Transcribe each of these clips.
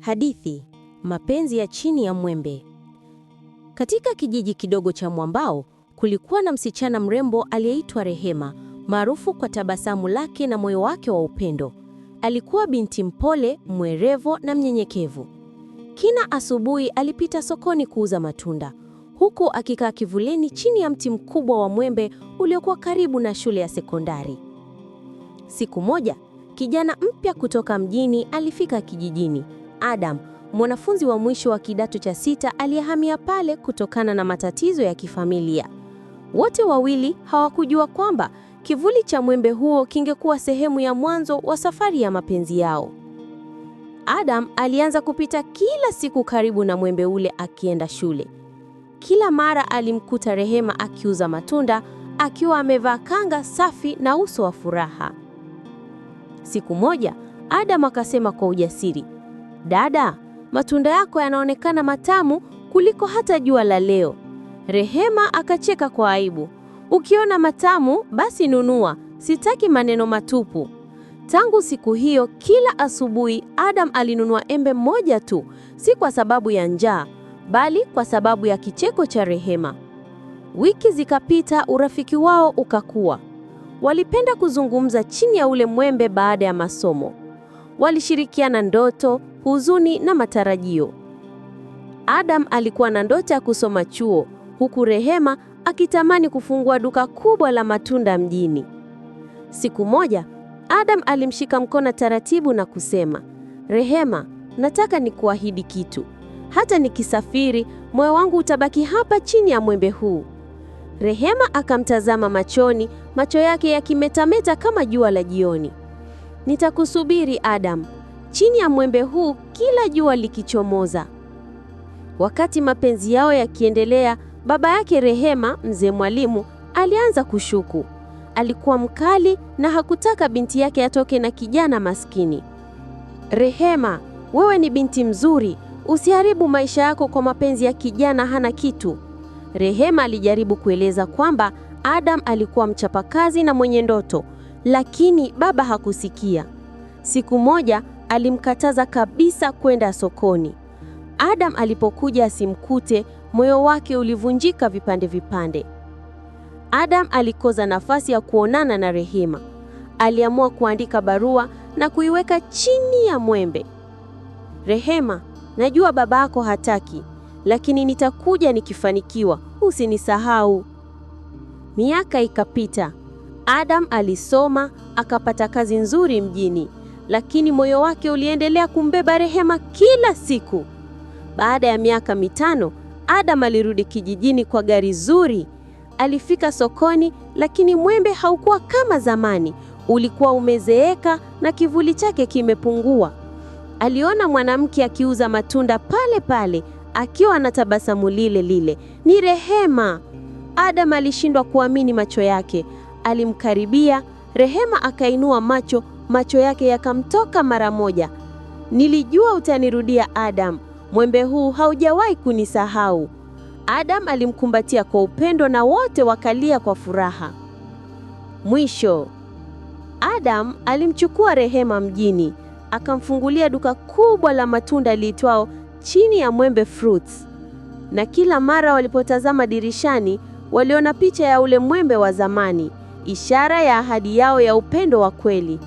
Hadithi: mapenzi ya chini ya mwembe. Katika kijiji kidogo cha Mwambao kulikuwa na msichana mrembo aliyeitwa Rehema, maarufu kwa tabasamu lake na moyo wake wa upendo. Alikuwa binti mpole, mwerevo na mnyenyekevu. Kila asubuhi alipita sokoni kuuza matunda, huku akikaa kivuleni chini ya mti mkubwa wa mwembe uliokuwa karibu na shule ya sekondari. Siku moja, kijana mpya kutoka mjini alifika kijijini. Adam, mwanafunzi wa mwisho wa kidato cha sita aliyehamia pale kutokana na matatizo ya kifamilia. Wote wawili hawakujua kwamba kivuli cha mwembe huo kingekuwa sehemu ya mwanzo wa safari ya mapenzi yao. Adam alianza kupita kila siku karibu na mwembe ule akienda shule. Kila mara alimkuta Rehema akiuza matunda akiwa amevaa kanga safi na uso wa furaha. Siku moja Adam akasema kwa ujasiri, Dada, matunda yako yanaonekana matamu kuliko hata jua la leo. Rehema akacheka kwa aibu. Ukiona matamu basi nunua, sitaki maneno matupu. Tangu siku hiyo, kila asubuhi Adam alinunua embe moja tu, si kwa sababu ya njaa, bali kwa sababu ya kicheko cha Rehema. Wiki zikapita, urafiki wao ukakua. Walipenda kuzungumza chini ya ule mwembe baada ya masomo. Walishirikiana ndoto, huzuni na matarajio. Adam alikuwa na ndoto ya kusoma chuo, huku Rehema akitamani kufungua duka kubwa la matunda mjini. Siku moja, Adam alimshika mkono taratibu na kusema, Rehema, nataka nikuahidi kitu. Hata nikisafiri, moyo wangu utabaki hapa chini ya mwembe huu. Rehema akamtazama machoni, macho yake yakimetameta kama jua la jioni. Nitakusubiri Adam, chini ya mwembe huu kila jua likichomoza. Wakati mapenzi yao yakiendelea, baba yake Rehema, mzee Mwalimu, alianza kushuku. Alikuwa mkali na hakutaka binti yake atoke na kijana maskini. Rehema, wewe ni binti mzuri, usiharibu maisha yako kwa mapenzi ya kijana hana kitu. Rehema alijaribu kueleza kwamba Adam alikuwa mchapakazi na mwenye ndoto, lakini baba hakusikia. Siku moja alimkataza kabisa kwenda sokoni. Adam alipokuja asimkute, moyo wake ulivunjika vipande vipande. Adam alikosa nafasi ya kuonana na Rehema. Aliamua kuandika barua na kuiweka chini ya mwembe. Rehema, najua baba yako hataki, lakini nitakuja nikifanikiwa, usinisahau. Miaka ikapita. Adam alisoma, akapata kazi nzuri mjini lakini moyo wake uliendelea kumbeba Rehema kila siku. Baada ya miaka mitano, Adam alirudi kijijini kwa gari zuri. Alifika sokoni, lakini mwembe haukuwa kama zamani, ulikuwa umezeeka na kivuli chake kimepungua. Aliona mwanamke akiuza matunda pale pale akiwa na tabasamu lile lile. Ni Rehema. Adam alishindwa kuamini macho yake. Alimkaribia Rehema, akainua macho macho yake yakamtoka mara moja. Nilijua utanirudia Adam, mwembe huu haujawahi kunisahau. Adam alimkumbatia kwa upendo na wote wakalia kwa furaha. Mwisho, Adam alimchukua Rehema mjini, akamfungulia duka kubwa la matunda liitwao Chini ya Mwembe Fruits. Na kila mara walipotazama dirishani, waliona picha ya ule mwembe wa zamani, ishara ya ahadi yao ya upendo wa kweli.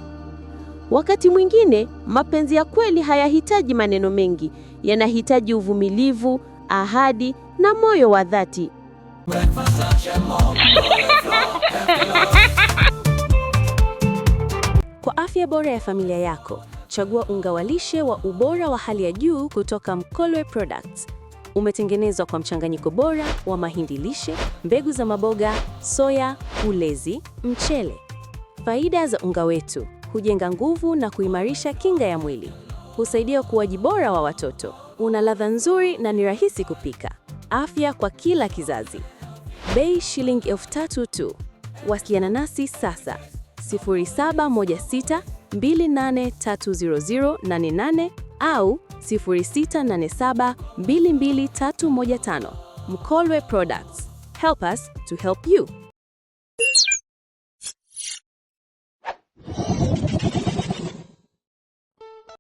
Wakati mwingine mapenzi ya kweli hayahitaji maneno mengi, yanahitaji uvumilivu, ahadi na moyo wa dhati. Kwa afya bora ya familia yako, chagua unga wa lishe wa ubora wa hali ya juu kutoka Mkolwe Products. Umetengenezwa kwa mchanganyiko bora wa mahindi lishe, mbegu za maboga, soya, ulezi, mchele. Faida za unga wetu: hujenga nguvu na kuimarisha kinga ya mwili, husaidia ukuaji bora wa watoto, una ladha nzuri na ni rahisi kupika, afya kwa kila kizazi. Bei shilingi elfu tatu tu. Wasiliana nasi sasa 071628300088 au 0687223115. Mkolwe Products. Help us to help you.